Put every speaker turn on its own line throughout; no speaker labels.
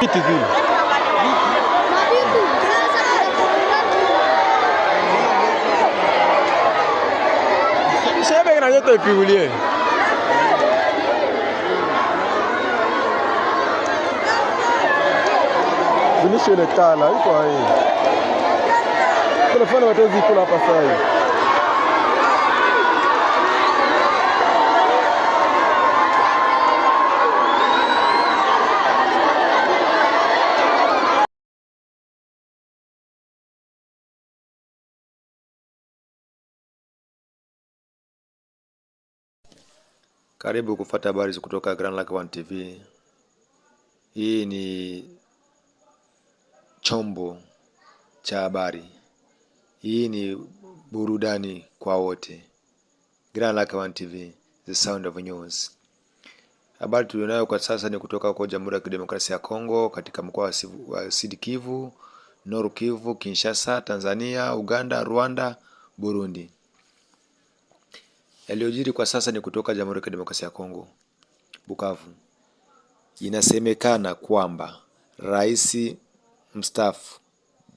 Viti vile shebe kinachoto ipiulie
zinishe ile tala iko hii telefoni watezi ikula hapa sasa
Karibu kufuata habari kutoka Grand Lac One TV. Hii ni chombo cha habari, hii ni burudani kwa wote. Grand Lac One TV, the sound of news. Habari tulionayo kwa sasa ni kutoka kwa Jamhuri ya Kidemokrasia ya Kongo, katika mkoa wa Sud Kivu, Nord Kivu, Kinshasa, Tanzania, Uganda, Rwanda, Burundi. Yaliyojiri kwa sasa ni kutoka Jamhuri ya Kidemokrasia ya Kongo, Bukavu. Inasemekana kwamba rais mstaafu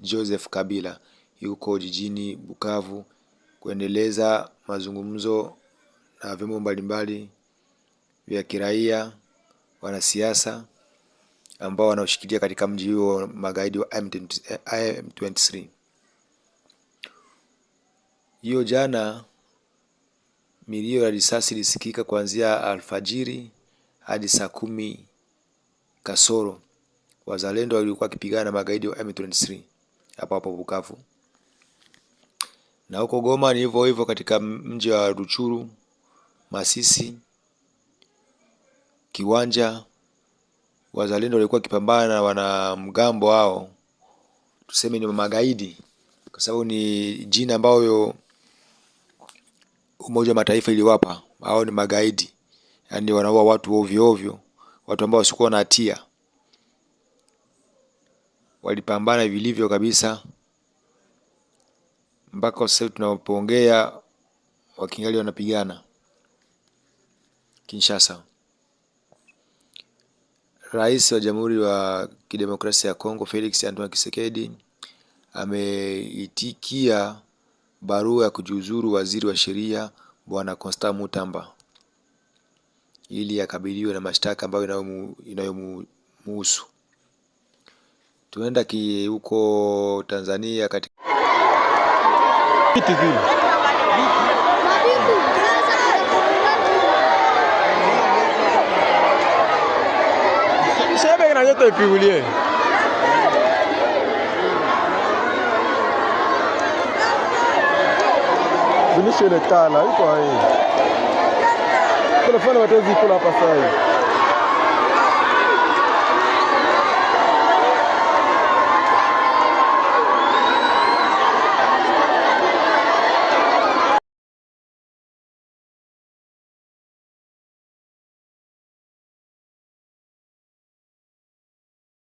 Joseph Kabila yuko jijini Bukavu kuendeleza mazungumzo na vyombo mbalimbali vya kiraia, wanasiasa ambao wanaoshikilia katika mji huo magaidi wa M23. Eh, Hiyo jana Milio ya risasi ilisikika kuanzia alfajiri hadi saa kumi kasoro. Wazalendo walikuwa wakipigana na magaidi wa M23 hapo hapo Bukavu, na huko Goma ni hivyo hivyo, katika mji wa Ruchuru, Masisi, Kiwanja, wazalendo walikuwa wakipambana na wanamgambo hao, tuseme ni magaidi, kwa sababu ni jina ambayo Umoja wa Mataifa iliwapa hao ni magaidi, yaani wanaua watu ovyo ovyo, watu ambao wasikuwa na hatia. Walipambana vilivyo kabisa, mpaka sasa tunapoongea wakingali wanapigana Kinshasa. Rais wa Jamhuri wa Kidemokrasia ya Kongo Felix Antoine Tshisekedi ameitikia barua ya kujiuzuru waziri wa sheria Bwana Konsta Mutamba ili akabiliwe na mashtaka ambayo inayomuhusu. Tunaenda huko Tanzania katika
zimishe ile kala iko hii. hapa sasa